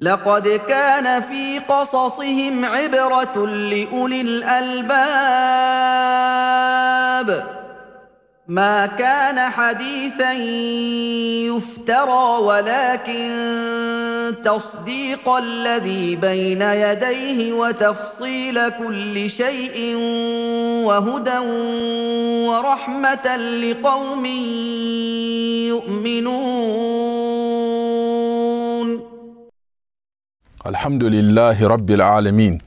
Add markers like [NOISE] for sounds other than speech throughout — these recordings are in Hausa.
لقد كان في قصصهم عبره لاولي الالباب ما كان حديثا يفترى ولكن تصديق الذي بين يديه وتفصيل كل شيء وهدى ورحمه لقوم يؤمنون الحمد لله رب العالمين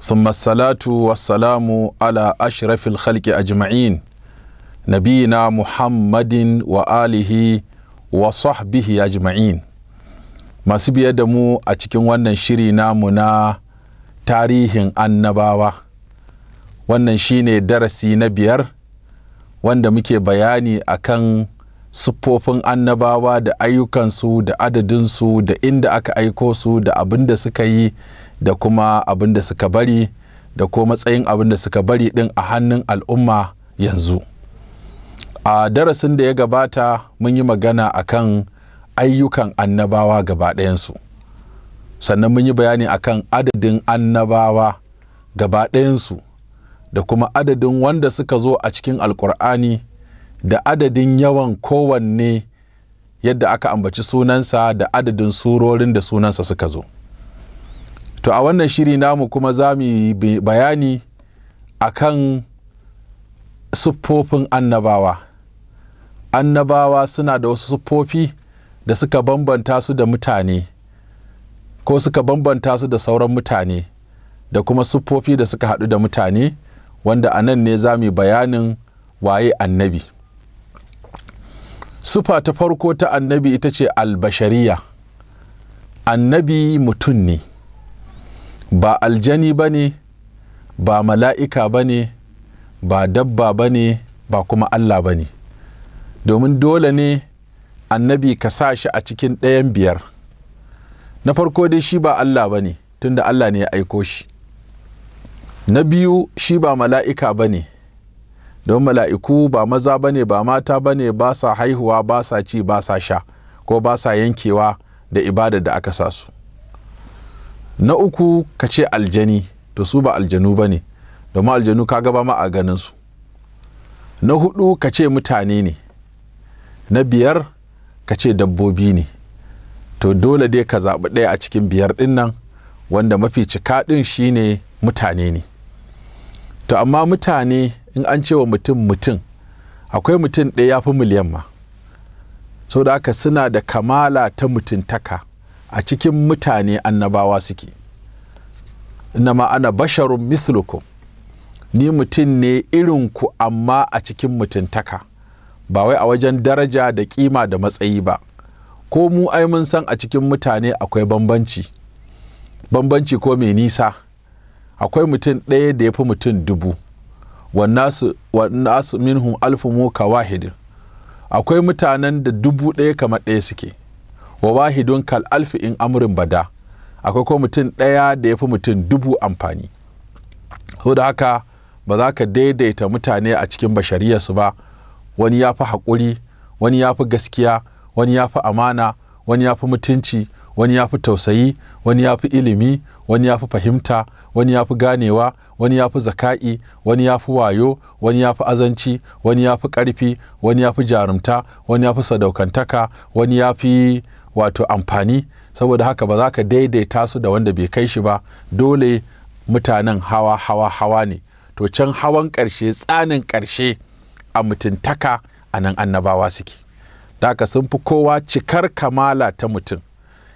ثم الصلاة والسلام على أشرف الخلق أجمعين نبينا محمد وآله وصحبه أجمعين masu biye da mu a cikin wannan shiri namu na tarihin annabawa wannan shine darasi na biyar wanda muke bayani akan siffofin annabawa da ayyukansu da adadinsu da inda aka aiko su da abin da suka yi da kuma abin da suka bari da ko matsayin abin da suka bari din a hannun al'umma yanzu a darasin da ya gabata mun yi magana a kan ayyukan annabawa gaba dayansu sannan mun yi bayani a kan adadin annabawa gaba dayansu da kuma adadin wanda suka zo a cikin alkur'ani da adadin yawan kowanne yadda aka ambaci sunansa da adadin surorin da sunansa suka zo to a wannan shiri namu kuma za mu yi bayani a kan siffofin annabawa annabawa suna da wasu siffofi da suka bambanta su da mutane ko suka bambanta su da sauran mutane da kuma siffofi da suka haɗu da mutane wanda a nan ne za mu bayanin waye annabi sufa ta farko ta annabi ita ce albashariya annabi mutum ne ba aljani ba ne ba mala'ika ba ne ba dabba ba ne ba kuma allah ba ne domin dole ne annabi ka sa shi a cikin ɗayan biyar na farko dai shi ba allah ba ne tunda allah ne ya aiko shi na biyu shi ba mala'ika ba ne don mala'iku ba maza ba ba mata ba ne ba sa haihuwa ba sa ci ba sa sha ko ba sa yankewa da ibada da aka sa su na uku ka ce aljani to su ba aljanu ba ne domin aljanu ka gaba ma a ganin su na hudu ka ce mutane ne na biyar ka ce dabbobi ne to dole dai ka zaɓi ɗaya a cikin biyar ɗin nan wanda mafi cika ɗin shine mutane ne to amma mutane in an ce wa mutum mutum akwai mutum ɗaya ya fi miliyan ma sau da aka suna da kamala ta mutuntaka a cikin mutane annabawa suke na ma'ana basharun mithlukum ni mutum ne irinku amma a cikin mutuntaka ba wai a wajen daraja da kima da matsayi ba ko mu ai mun san a cikin mutane akwai bambanci bambanci ko mai nisa akwai mutum ɗaya da ya fi mutum dubu wannasu minhum alfu muka wahidin akwai mutanen da dubu ɗaya kamar ɗaya suke wa wahidun kal alfi in amurin bada akwai ko mutum ɗaya da ya fi mutum dubu amfani so da haka ba za ka daidaita mutane a cikin bashariyarsu ba wani ya fi haƙuri wani ya fi gaskiya wani ya fi amana wani ya fi mutunci wani ya fi tausayi wani ya fi ilimi wani ya fi fahimta wani ya fi ganewa wani ya fi zaka'i wani ya fi wayo wani ya fi azanci wani ya fi ƙarfi wani ya fi jarumta wani ya fi sadaukantaka wani ya fi wato amfani saboda haka ba za ka daidaita su da wanda bai kai shi ba dole mutanen hawa hawa hawa ne to can hawan ƙarshe tsanin ƙarshe a mutuntaka a nan annabawa suke da sun fi kowa cikar kamala ta mutum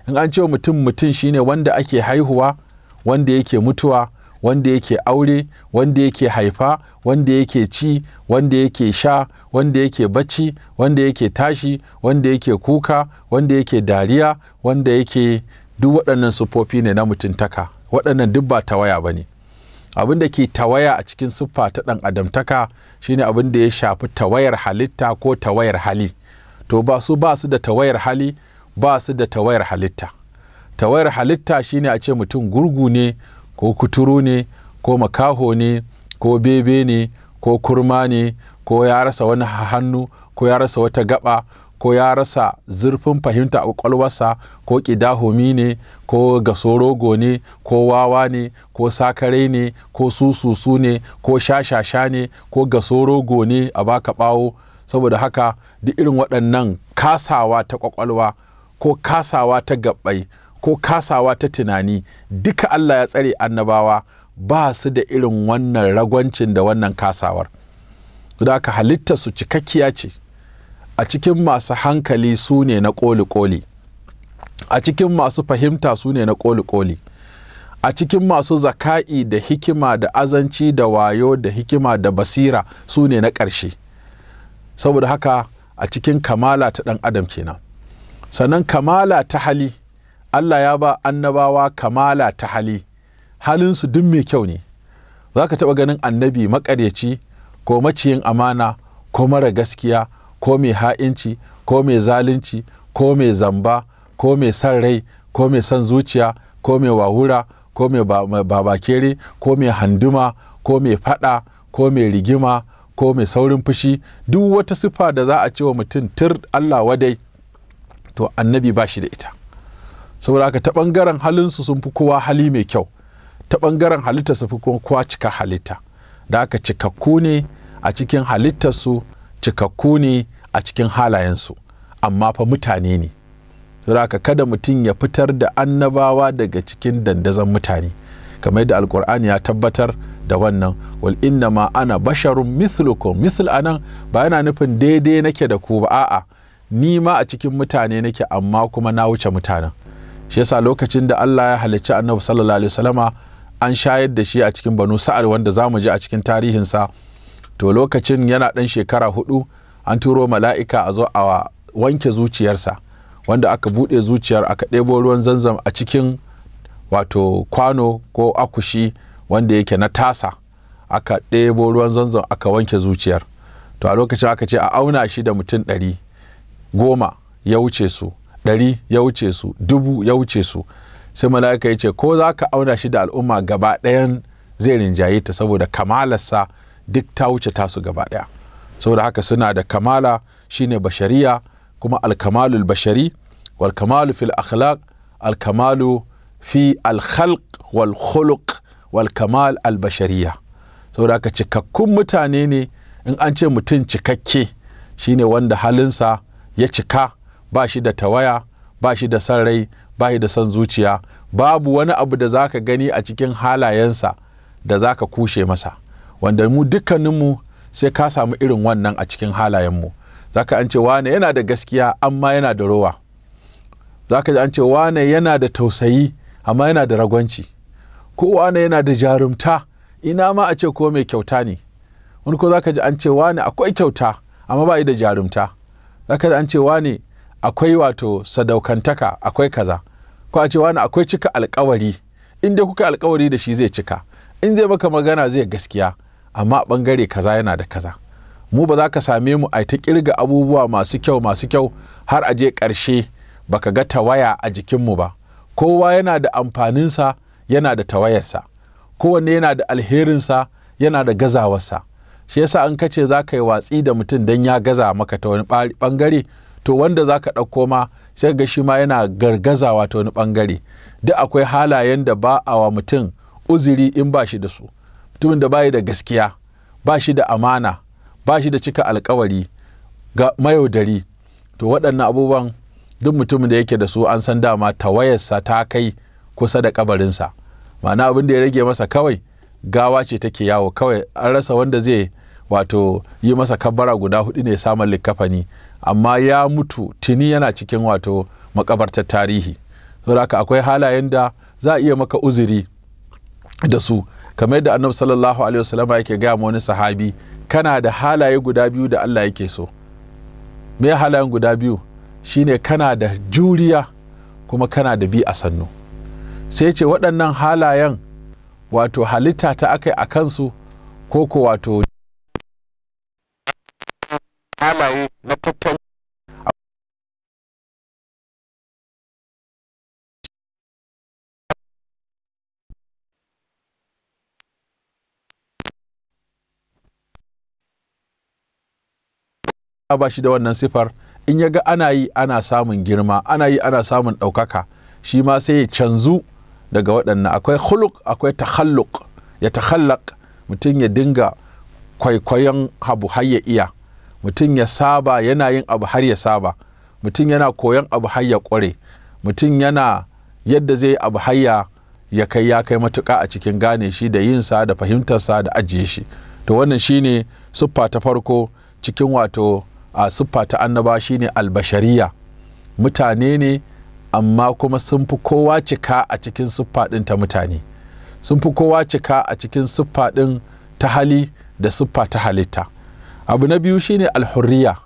in an ce mutum mutum shine wanda ake haihuwa wanda yake mutuwa wanda yake aure wanda yake haifa wanda yake ci wanda yake sha wanda yake bacci wanda yake tashi wanda yake kuka wanda yake dariya wanda yake duk waɗannan siffofi ne na mutuntaka waɗannan duk ba tawaya ba ne abin da ke tawaya a cikin siffa ta ɗan adamtaka shine abin da ya shafi tawayar halitta ko tawayar hali to ba su ba su da tawayar hali ba su da tawayar halitta tawayar halitta shine a ce mutum gurgu ne ko kuturu ne ko makaho ne ko bebe ne ko kurma ne ko ya rasa wani hannu ko ya rasa wata gaba ko ya rasa zurfin fahimta a kwakwalwarsa ko ƙidahomi ne ko gasorogo ne ko wawa ne ko sakare ne ko sususu ne ko shashasha ne ko gasorogo ne a baka ɓawo saboda haka duk irin waɗannan kasawa ta kwakwalwa ko kasawa ta gabbai ko kasawa ta tunani duka Allah ya tsare annabawa ba su da irin wannan ragwancin da wannan kasawar da ka halitta su cikakkiya ce a cikin masu hankali su ne na koli-koli a cikin masu fahimta su ne na koli-koli a cikin masu zaka'i da hikima da azanci da wayo da hikima da basira su ne na ƙarshe saboda haka a cikin kamala ta ɗan adam kenan sannan kamala ta hali Allah ya ba annabawa kamala ta hali halinsu duk mai kyau ne za ka taɓa ganin annabi maƙaryaci ko maciyin amana ko mara gaskiya ko mai ha'inci ko mai zalunci ko mai zamba ko mai san rai ko mai son zuciya ko mai wahura ko mai babakere ko mai handuma ko mai faɗa ko mai rigima ko mai saurin fushi duk wata siffa da za a ce wa mutum tur Allah wadai to annabi ba shi da ita saboda aka ta bangaren halinsu sun fi kowa hali mai kyau ta ɓangaren halitta su fi kowa cika halitta da aka cikakku ne a cikin halittarsu cikakku ne a cikin halayensu amma fa mutane ne saboda aka kada mutum ya fitar da annabawa daga cikin dandazon mutane kamar yadda alkur'ani ya tabbatar da wannan wal inna ma ana basharun mithlukum mithl anan ba yana nufin daidai nake da ku ba a'a ni ma a cikin mutane nake amma kuma na wuce mutanen shi yasa lokacin da Allah ya halicci annabi sallallahu alaihi wasallama an shayar da shi a cikin banu sa'ad wanda zamu mu ji a cikin tarihin sa to lokacin yana dan shekara hudu an turo mala'ika a zo a wanke zuciyarsa wanda aka bude zuciyar aka ɗebo ruwan zanzam a cikin wato kwano ko akushi wanda yake na tasa aka ɗebo ruwan zanzam aka wanke zuciyar to a lokacin aka ce a auna shi da mutum ɗari goma ya wuce su ɗari ya wuce su dubu ya wuce su sai mala'ika ya ce ko za ka auna shi da al'umma gaba ɗayan zai rinjaye ta saboda kamalarsa duk ta wuce tasu gaba ɗaya saboda haka suna da kamala shine bashariya kuma alkamalu bashari wal kamalu fil akhlaq al kamalu fi al khalq wal khuluq wal kamal al bashariya saboda haka cikakkun mutane ne in an ce mutum cikakke shine wanda halinsa ya cika ba shi da tawaya ba shi da san rai ba shi da son zuciya babu wani abu da za ka gani a cikin halayensa da za ka kushe masa wanda mu dukkaninmu sai ka samu irin wannan a cikin halayenmu ka an ce wane yana da gaskiya amma yana da rowa Za ka an ce wane yana da tausayi amma yana da ragwanci ko wane yana da jarumta ina ma a ce ko mai kyauta ne wani ko za ka ji an ce wane akwai kyauta amma ba da jarumta Za ka ji an ce wane akwai wato sadaukantaka akwai kaza ko a ce wani akwai cika alkawari inda kuka alkawari da shi zai cika in zai maka magana zai gaskiya amma bangare kaza yana da kaza mu ba za ka same mu a ta kirga abubuwa masu kyau masu kyau har a je karshe baka ga tawaya a jikin mu ba kowa yana da amfaninsa yana da tawayarsa kowanne yana da alherin sa yana da gazawarsa shi yasa an kace za ka yi watsi da mutum don ya gaza maka ta wani bangare. to wanda za ka ɗauko ma sai ga shi ma yana gargazawa ta wani ɓangare duk akwai halayen da ba a wa mutum uziri in ba shi da su mutumin da bayi da gaskiya ba shi da amana ba shi da cika alkawari ga mayaudari to waɗannan abubuwan duk mutumin da yake da su an san dama tawayarsa ta kai kusa da kabarinsa ma'ana abin da ya rage masa kawai gawa ce take yawo kawai an rasa wanda zai wato yi masa kabbara guda hudu ne samun likafani. amma ya mutu tuni yana cikin wato makabartar tarihi saboda haka akwai halayen da za a iya maka uzuri da su kamar yadda annabi sallallahu alaihi wasallam yake gaya ma wani sahabi kana da halaye guda biyu da Allah yake so me halayen guda biyu shine kana da juriya kuma kana da bi a sannu sai ce waɗannan halayen wato halitta ta akai yi a kansu ko ko wato tattalin ba shi da wannan sifar in ya ga ana yi ana samun girma ana yi ana samun ɗaukaka shi ma sai ya canzu daga waɗannan akwai huluk akwai takhalluk ya takhallak mutum ya dinga kwaikwayon habu har ya iya mutum ya saba yana yin abu har ya saba mutum yana koyon abu har ya kware mutum yana yadda zai abu har ya kai ya kai matuka a cikin gane shi da yin sa da fahimtar sa da ajiye shi to wannan shine siffa ta farko cikin wato a siffa ta annaba shine albashariya mutane ne amma kuma sun fi kowa cika a cikin siffa din ta mutane sun fi kowa cika a cikin siffa din ta hali da siffa ta halitta abu na biyu shine alhurriya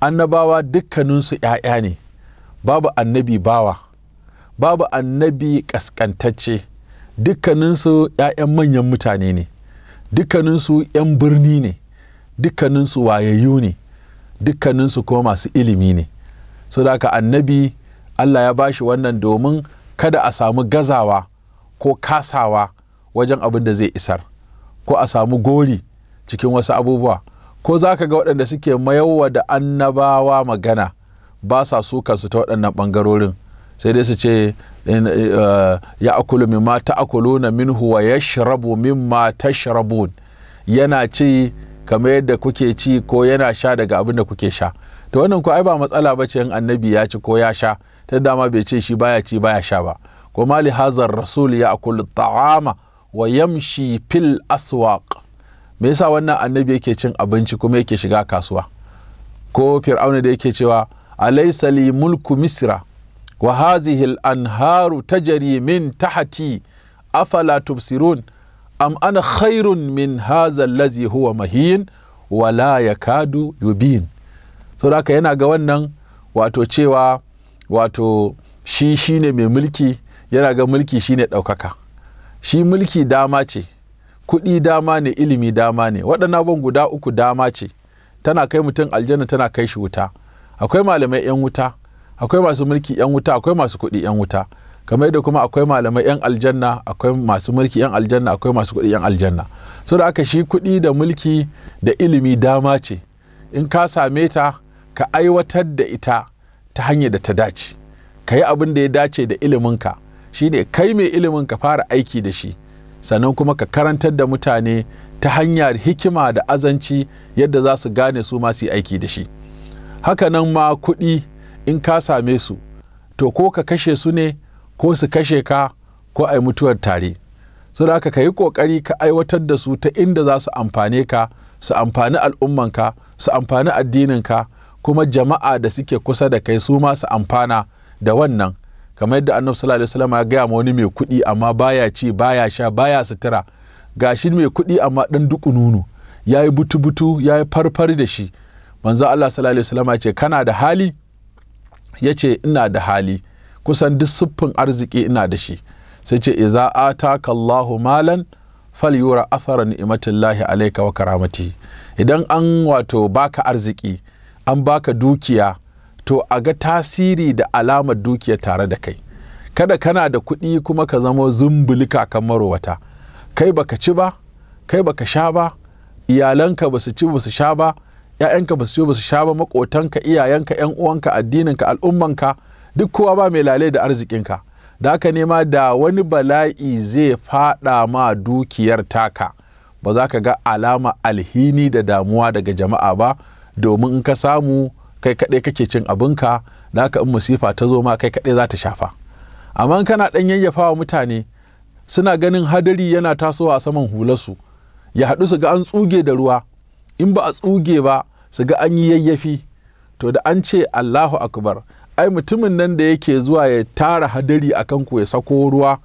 annabawa dukkaninsu ‘ya'ya ne babu annabi bawa babu annabi ƙasƙantacce dukkaninsu ‘ya'yan manyan mutane ne dukkaninsu ‘yan birni ne dukkaninsu wayayyu ne dukkaninsu kuma masu ilimi ne so da haka annabi allah ya bashi wannan domin kada a samu gazawa ko kasawa wajen abin da zai isar ko a samu gori cikin wasu abubuwa ko za ka ga waɗanda suke mayawa da annabawa magana ba sa su kansu ta waɗannan ɓangarorin sai dai su ce eh, ya akulu mimma ta'kuluna minhu wa yashrabu mimma tashrabun yana ci kamar yadda kuke ci ko yana sha daga abin da kuke sha ta wannan ko ai ba matsala ba ce in annabi ya ci ko ya sha ta dama bai ce shi baya ci baya sha ba ko mali hazar rasul ya akulu ta'ama wa yamshi fil aswaq me yasa wannan annabi yake cin abinci kuma yake shiga kasuwa ko fir'auna da yake cewa alaysa li mulku misra wa hazihi al-anharu tajri min tahti afala tubsirun am ana khairun min hadha allazi huwa mahin wa la yakadu yubin saboda haka yana ga wannan wato cewa wato shi shine mai mulki yana ga mulki shine ɗaukaka shi mulki dama ce kuɗi dama ne ilimi dama ne waɗannan abubuwan guda uku dama ce tana kai mutum aljanna tana kai shi wuta akwai malamai 'yan wuta akwai masu mulki 'yan wuta akwai masu kuɗi 'yan wuta kamar da kuma akwai malamai 'yan aljanna akwai masu mulki 'yan aljanna akwai masu kuɗi 'yan aljanna so da aka shi kuɗi da mulki da ilimi dama ce in ka same ta ka aiwatar da ita ta hanyar da ta dace ka yi abin da ya dace da iliminka shine kai mai ilimin ka fara aiki da shi sannan kuma ka karantar da mutane ta hanyar hikima da azanci yadda za su gane su ma su aiki da shi hakanan ma kuɗi in ka same su to ko ka kashe su ne ko su kashe ka ko a yi mutuwar tare su da ka yi ƙoƙari ka aiwatar da su ta inda za su amfane ka su amfani al'ummanka su amfani addininka kuma jama'a da suke kusa da kai su ma su amfana da wannan kamar yadda annabi sallallahu alaihi wasallam ya gaya ma wani mai kuɗi amma baya ci baya sha baya sutura gashi mai kuɗi amma ɗan duku nunu ya yi butu-butu ya yi farfar da shi manzo Allah sallallahu alaihi wasallam ya ce kana da hali ya ce ina da hali kusan duk siffin arziki ina da shi sai ce iza ataka Allahu malan fal yura athara ni'matillahi alayka wa karamati idan an wato baka arziki an baka dukiya to a ga tasiri da alamar dukiya tare da kai kada kana da kuɗi kuma ka zama zumbulika kan marowata kai baka ci ba kai baka sha ba iyalanka ba su ci ba su sha ba ‘ya'yanka su ci ba su sha ba maƙotanka iyayenka ‘yan uwanka addininka al'ummanka duk kowa ba mai lalai da arzikinka da haka nema da wani bala'i zai fada ma dukiyar taka ba za ka ga alama alhini da damuwa daga jama'a ba domin in ka samu kai kaɗai kake cin abinka da haka in musifa ta zo ma kai kaɗai za ta shafa amma kana ɗan wa mutane suna ganin hadari yana tasowa a saman hularsu ya haɗu su ga an tsuge da ruwa in ba a tsuge ba su ga an yi yayyafi to da an ce allahu akbar ai mutumin nan da yake zuwa ya tara hadari a ku ya sako ruwa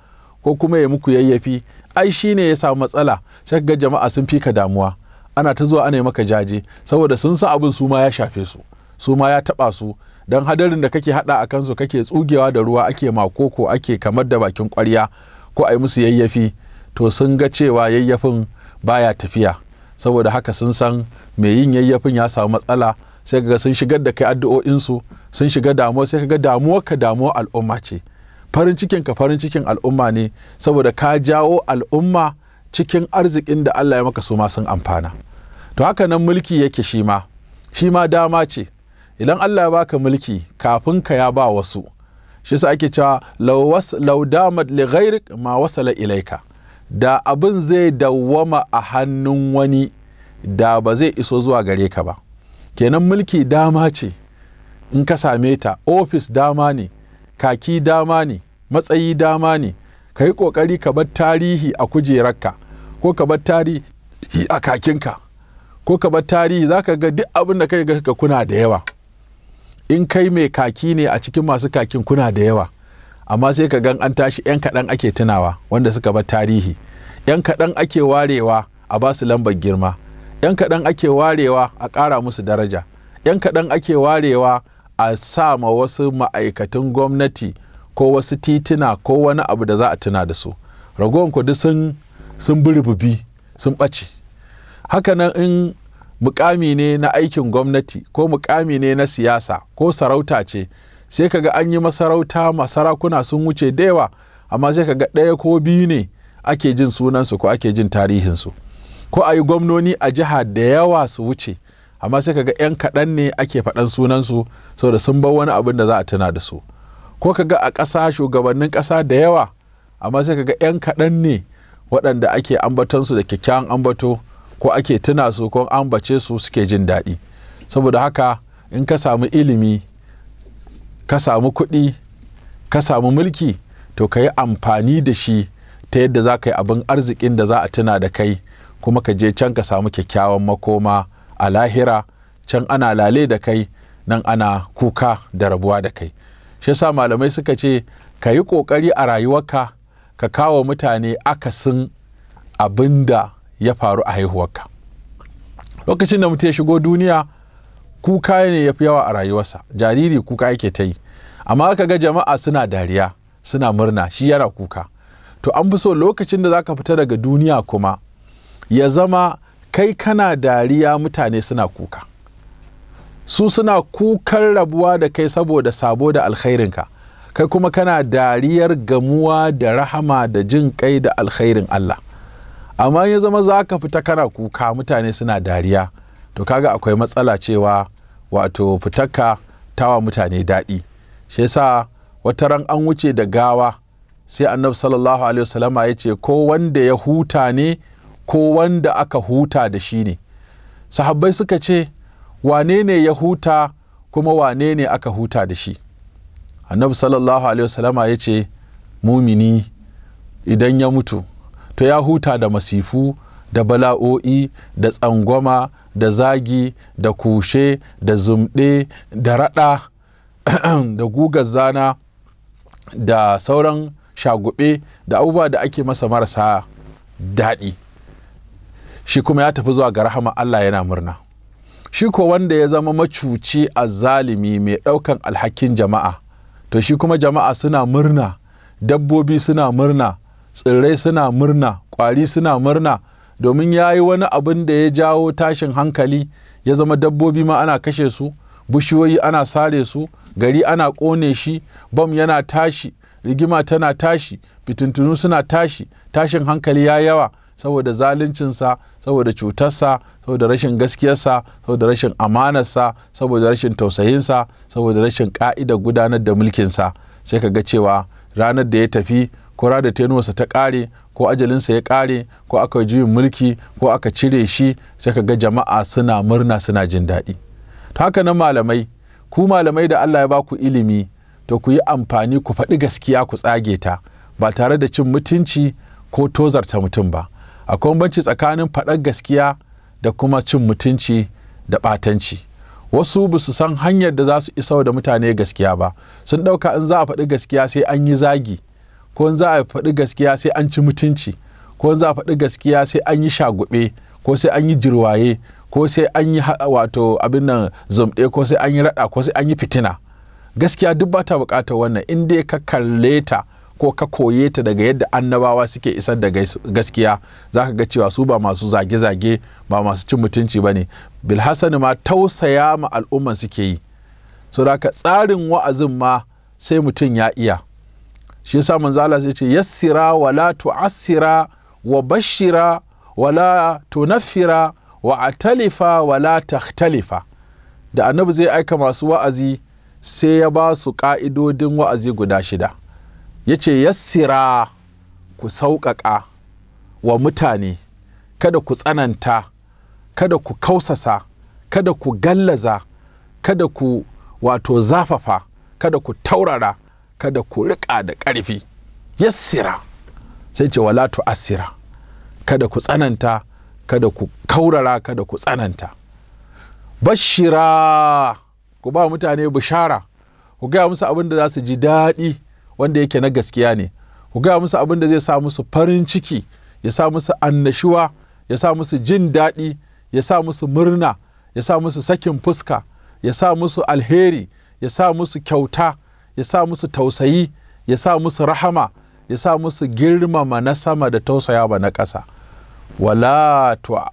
ko kuma ya muku yayyafi ai shine ya samu matsala sai jama'a sun fika damuwa ana ta zuwa ana yi maka jaje saboda sun san abin su ma ya shafe su su ma ya taɓa su don hadarin da kake haɗa a kansu kake tsugewa da ruwa ake makoko ake kamar da bakin kwarya ko a yi musu yayyafi to sun ga cewa yayyafin baya tafiya saboda haka sun san mai yin yayyafin ya samu matsala sai ga sun shigar da kai addu'o'insu sun shiga damuwa sai kaga damuwa ka damuwa al'umma ce farin cikin ka farin cikin al'umma ne saboda ka jawo al'umma cikin arzikin da Allah ya maka su ma sun amfana to haka nan mulki yake shima shima dama ce idan Allah ya baka mulki kafin ka ya ba wasu shi sa ake cewa law damat li ghairik ma wasala ilaika da abin zai dawwama a hannun wani da ba zai iso zuwa gare ka ba kenan mulki dama ce in ka same ta ofis dama ne kaki dama ne matsayi dama ne ka yi ƙoƙari ka bar tarihi a kujerarka ko ka bar tarihi a kakinka ko ka bar tarihi za ka ga duk abin da ka ga kuna da yawa in kai mai kaki ne a cikin masu kakin kuna da yawa amma sai ka gan an tashi 'yan kaɗan ake tunawa wanda suka bar tarihi 'yan kaɗan ake warewa a ba su lambar girma 'yan kaɗan ake warewa a ƙara musu daraja 'yan kaɗan ake warewa a sa ma wasu ma'aikatan gwamnati ko wasu titina ko wani abu da za a tuna da su ragowar kudu sun sun bubi sun ɓace hakanan in mukami ne na aikin gwamnati ko mukami ne na siyasa ko sarauta ce sai kaga an yi masarauta masarakuna sun wuce da yawa amma sai kaga ɗaya ko biyu ne ake jin sunansu ko ake jin tarihinsu ko a yi gwamnoni a jiha da yawa su wuce amma sai kaga 'yan kaɗan ne ake faɗan sunansu saboda sun bar wani abin da za a tuna da su ko kaga a ƙasa shugabannin ƙasa da yawa amma sai kaga 'yan kaɗan ne waɗanda ake ambatansu da kyakkyawan ambato ko ake tuna su ko an bace su suke jin daɗi saboda haka in ka samu ilimi ka samu kuɗi ka samu mulki to ka yi amfani da shi ta yadda za ka yi abin arzikin da za a tuna da kai kuma ka je can ka samu kyakkyawan makoma a lahira can ana lale da kai nan ana kuka da rabuwa da kai shi sa malamai suka ce ka yi ƙoƙari a rayuwarka ka kawo mutane akasin abin da ya faru a haihuwarka lokacin da mutum ya shigo duniya kuka ne ya fi yawa a rayuwarsa jariri kuka yake ta yi amma aka ga jama'a suna dariya suna murna shi yana kuka to an fi so lokacin da za ka fita daga duniya kuma ya zama kai kana dariya mutane suna kuka su suna kukan rabuwa da kai saboda sabo da alkhairinka kai kuma kana dariyar gamuwa da rahama da jin kai da alkhairin Allah amma ya zama za ka fita kana kuka mutane suna dariya to kaga akwai matsala cewa wato fitakka tawa mutane daɗi shi yasa wata ran an wuce da gawa sai annabi sallallahu alaihi wasallama ya ce ko wanda ya huta ne ko wanda aka huta da shi ne sahabbai suka ce wane ne ya huta kuma wane ne aka huta da shi annabi sallallahu alaihi wasallama ya ce mumini idan ya mutu to ya huta da masifu da bala'o'i da tsangwama da zagi da kushe da zumɗe da raɗa [CLEARS THROAT] da gugar zana da sauran shagube da abubuwa da ake masa marasa daɗi shi kuma ya tafi zuwa ga rahama Allah yana murna shi ko wanda ya zama macuci a zalimi mai ɗaukan alhakin jama'a to shi kuma jama'a suna murna dabbobi suna murna tsirrai suna murna ƙwari suna murna domin ya yi wani abin da ya jawo tashin hankali ya zama dabbobi ma ana kashe su bishiyoyi ana sare su gari ana ƙone shi bam yana tashi rigima tana tashi fitintunu suna tashi tashin hankali ya yawa saboda zaluncinsa saboda cutarsa saboda rashin gaskiyarsa saboda rashin amanarsa saboda rashin tausayinsa saboda rashin ka'ida gudanar da mulkinsa sai ka ga cewa ranar da ya tafi ko da tenuwarsa ta ƙare ko ajalinsa ya ƙare ko aka juyin mulki ko aka cire shi sai ka ga jama'a suna murna suna jin daɗi to haka nan malamai ku malamai da Allah ya ba ku ilimi to ku yi amfani ku faɗi gaskiya ku tsage ta ba tare da cin mutunci ko tozarta mutum ba akwai banci tsakanin faɗar gaskiya da kuma cin mutunci da ɓatanci wasu ba su san hanyar da za su isa da mutane gaskiya ba sun ɗauka in za a faɗi gaskiya sai an yi zagi ko za a faɗi gaskiya sai an ci mutunci ko za a faɗi gaskiya sai an yi shagube ko sai an yi jirwaye ko sai an yi wato abin nan zumɗe ko sai an yi raɗa ko sai an yi fitina gaskiya duk ba ta buƙatar wannan in dai ka kalle ta ko ka koye ta daga yadda annabawa suke isar da gaskiya za ka ga cewa su ba masu zage-zage ba masu cin mutunci ba ne bilhassani ma tausaya ma al'umman suke yi so da tsarin wa'azin ma sai mutum ya iya shi yasa manzo Allah sai ce yassira wala tu'assira wa bashira wala tunaffira wa atalifa wala takhtalifa da annabi zai aika masu wa'azi sai ya ba su ka'idodin wa'azi guda shida ya ce yassira ku sauƙaƙa wa mutane kada ku tsananta kada ku kausasa kada ku gallaza kada ku wato zafafa kada ku taurara kada ku riƙa da ƙarfi yassira sai ce wala tu'assira kada ku tsananta kada ku kaurara kada ku tsananta bashira ku ba mutane bishara ku gaya musu abin da za su ji daɗi wanda yake na gaskiya ne ku gaya musu abin da zai sa musu farin ciki ya sa musu annashuwa ya sa musu jin daɗi ya sa musu murna ya sa musu sakin fuska ya sa musu alheri ya sa musu kyauta ya sa musu tausayi ya sa musu rahama ya sa musu girmama na sama da tausaya tausayawa na ƙasa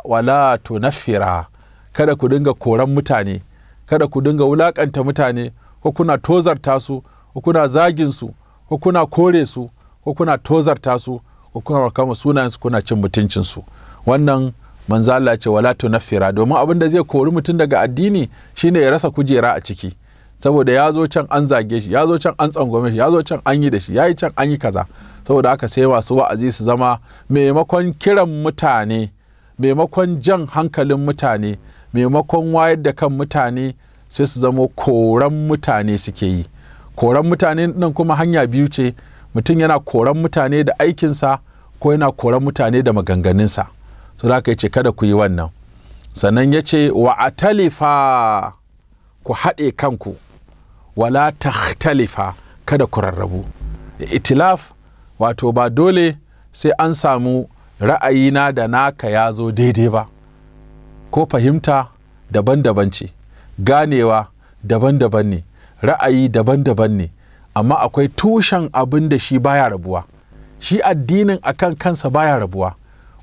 wala tu nafira kada ku dinga koran mutane kada ku dinga wulaƙanta mutane ko kuna tozarta su ko kuna zagin su ko kuna kore su ko kuna tozarta su ko kuna kama sunayen su kuna cin mutuncin su wannan manzala ce wala tu nafira domin abin da zai kori mutum daga addini shine ya rasa kujera a ciki saboda ya zo can an zage shi ya zo can an tsangwame shi ya zo can an yi da shi ya yi can an yi kaza saboda aka sai masu wa'azi su zama maimakon kiran mutane maimakon jan hankalin mutane maimakon wayar da kan mutane sai su zama koran mutane suke yi koran mutane nan kuma hanya biyu ce mutum yana koran mutane da aikinsa ko yana koran mutane da maganganunsa so da ce kada ku yi wannan sannan ya ce wa atalifa ku haɗe kanku wala talifa kada ku rarrabu itilaf wato ba dole sai an samu ra'ayina da naka ya zo daidai ba ko fahimta daban-daban ce ganewa daban-daban ne ra'ayi daban-daban ne amma akwai tushen abin da shi baya rabuwa shi addinin akan kansa baya rabuwa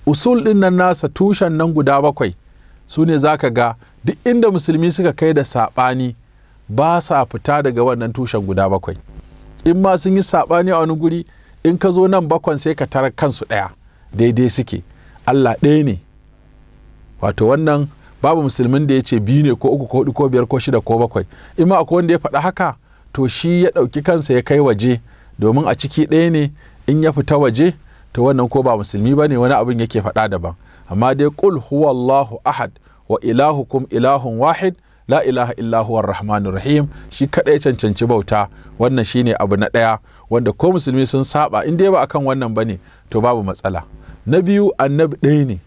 usul ɗin nan nasa tushen nan guda bakwai su ne za ka ga duk inda musulmi suka kai da saɓani ba sa fita daga wannan tushen guda bakwai in ma sun yi saɓani a wani guri in ka zo nan bakwan sai ka tara kansu ɗaya daidai suke allah ɗaya ne wato wannan babu musulmin da ya ce biyu ne ko uku ko hudu ko biyar ko shida ko bakwai in ma akwai wanda ya faɗa haka to shi ya ɗauki kansa ya kai waje domin a ciki ɗaya ne in ya fita waje to wannan ko ba musulmi ba ne wani abin yake faɗa daban amma dai kul huwallahu ahad wa ilahukum ilahun wahid la ilaha illahuwar rahmanu rahim shi kadai cancanci bauta wannan shine abu na ɗaya wanda ko musulmi sun saba in dai ba akan wannan bane to babu matsala na biyu annabi ɗaya ne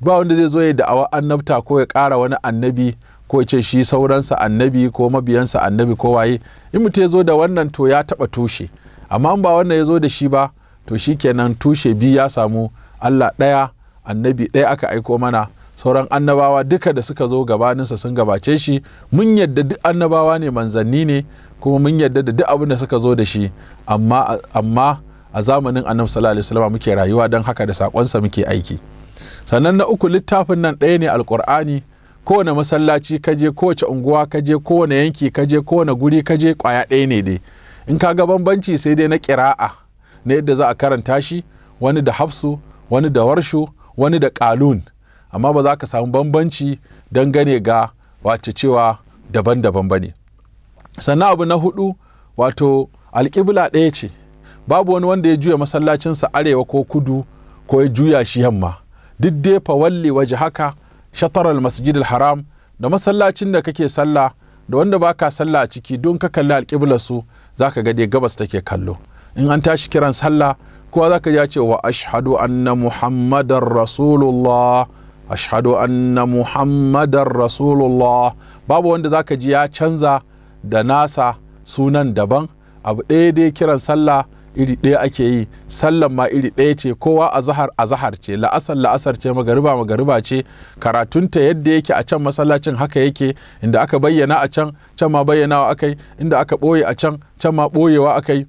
ba wanda zai zo ya da'awa annabta ko ya kara wani annabi ko ce shi sauransa annabi ko mabiyansa annabi ko waye in mutum ya zo da wannan to ya taɓa tushe amma in ba wannan ya zo da shi ba to shi kenan tushe biyu ya samu allah ɗaya annabi ɗaya aka aiko mana sauran annabawa duka da suka zo gabaninsa sun gabace shi mun yadda duk annabawa ne manzanni ne kuma mun yadda da duk abin da suka zo da shi amma a zamanin annabi sallallahu alaihi wasallam muke rayuwa don haka da sakonsa muke aiki sannan na uku littafin nan ɗaya ne alkur'ani kowane masallaci kaje kowace unguwa kaje kowane yanki kaje kowane guri kaje kwaya ɗaya ne dai in ka ga bambanci sai dai na ƙira'a na yadda za a karanta shi wani da hafsu wani da warshu wani da ƙalun amma ba za ka samu bambanci don gane ga wace cewa daban-daban ba ne sannan abu na hudu wato alƙibla ɗaya ce babu wani wanda ya juya masallacinsa arewa ko kudu ko ya juya shi yamma duk dai fa waje haka shataral masjidil haram da masallacin da kake sallah da wanda baka sallah a ciki don ka kalli alƙibla su zaka ga dai gabas take kallo in an tashi kiran sallah kowa zaka a ce wa ashhadu anna muhammadar rasulullah ashhadu anna muhammadar rasulullah babu wanda zaka ji ya canza da nasa sunan daban abu ɗaya dai kiran sallah iri ɗaya ake yi sallan ma iri ɗaya ce kowa azahar azahar ce la'asar la'asar ce magariba magariba ce karatunta yadda yake a can masallacin haka yake inda aka bayyana a can can ma bayyanawa akai inda aka ɓoye a can can ma ɓoyewa akai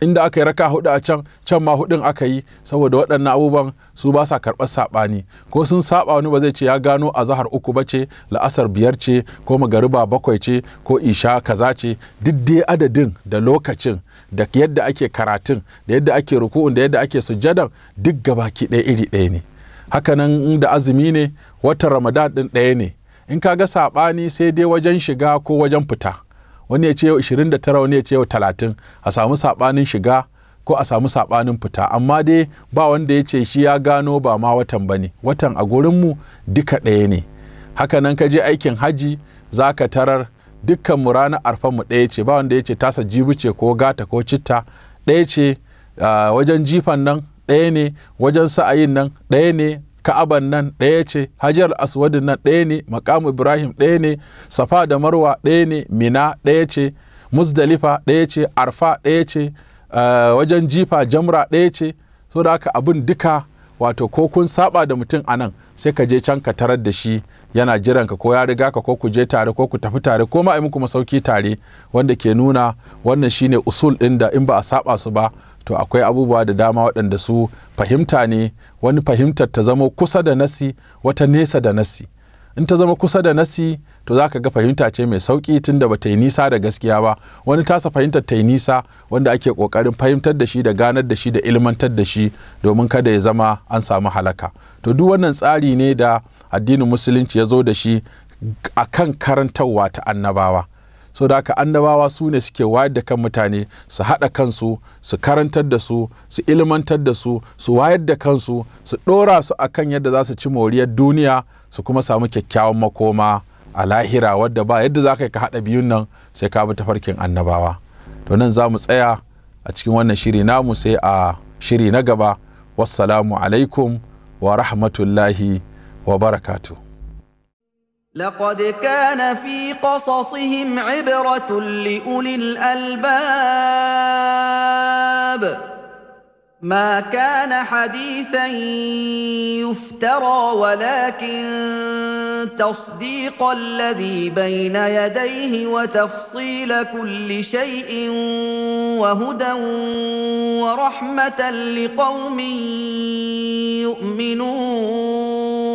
inda aka yi raka hudu a can can ma hudun aka yi saboda waɗannan abubuwan su ba sa karɓar saɓani ko sun saɓa wani ba zai ce ya gano a zahar uku ba ce la'asar biyar ce ko magariba bakwai ce ko isha kaza ce duk dai adadin da lokacin da yadda ake karatun da yadda ake ruku'un da yadda ake sujadan duk gabaki ɗaya iri ɗaya ne haka nan da azumi ne watan ramadan ɗin ɗaya ne in ka ga saɓani sai dai wajen shiga ko wajen fita wani ya ce yau 29 wani ya ce yau 30 a samu saɓanin shiga ko a samu saɓanin fita amma dai ba wanda ya ce shi ya gano ba ma watan ba ne watan a gurinmu duka ɗaya ne haka nan ka je aikin haji za ka tarar dukkan mu ranar arfan mu ɗaya ce ba wanda ya ce tasa jibi ce ko gata ko citta ɗaya ce ah, wajen jifan nan ɗaya ne wajen sa'ayin nan ɗaya ne ka'aban nan ɗaya ce hajar aswadin nan ɗaya ne makamu ibrahim ɗaya ne safa da marwa ɗaya ne mina ɗaya ce musdalifa ɗaya ce arfa ɗaya ce eh, wajen jifa jamra ɗaya ce so da haka abin duka wato ko kun saba da mutum a nan sai ka je can ka tarar da shi yana jiran ka ko ya riga ka ko ku je tare ko ku tafi tare ko ma muku masauki tare wanda ke nuna wannan shine usul ɗin da in ba a saba su ba to akwai abubuwa da dama waɗanda su fahimta ne wani fahimtar ta zama kusa da nasi wata nesa da nasi in ta zama kusa da nasi to za ka ga fahimta ce mai sauƙi tunda ba ta yi nisa da gaskiya ba wani tasa fahimtar ta yi nisa wanda ake ƙoƙarin fahimtar da shi da ganar da shi da ilmantar da shi domin kada ya zama an samu halaka to duk wannan tsari ne da addinin musulunci ya zo da shi akan karantarwa ta annabawa so da aka annabawa su ne suke wayar da kan mutane su haɗa kansu su karantar da su su ilmantar da su su wayar da kansu su ɗora su akan yadda za su ci moriyar duniya su kuma samu kyakkyawan makoma a lahira wadda ba yadda za ka yi ka haɗa biyun nan sai ka bi tafarkin annabawa to nan za mu tsaya a cikin wannan shiri namu sai a shiri na gaba wassalamu alaikum wa rahmatullahi wa barakatuh لقد كان في قصصهم عبرة لأولي الألباب ما كان حديثا يفترى ولكن تصديق الذي بين يديه وتفصيل كل شيء وهدى ورحمة لقوم يؤمنون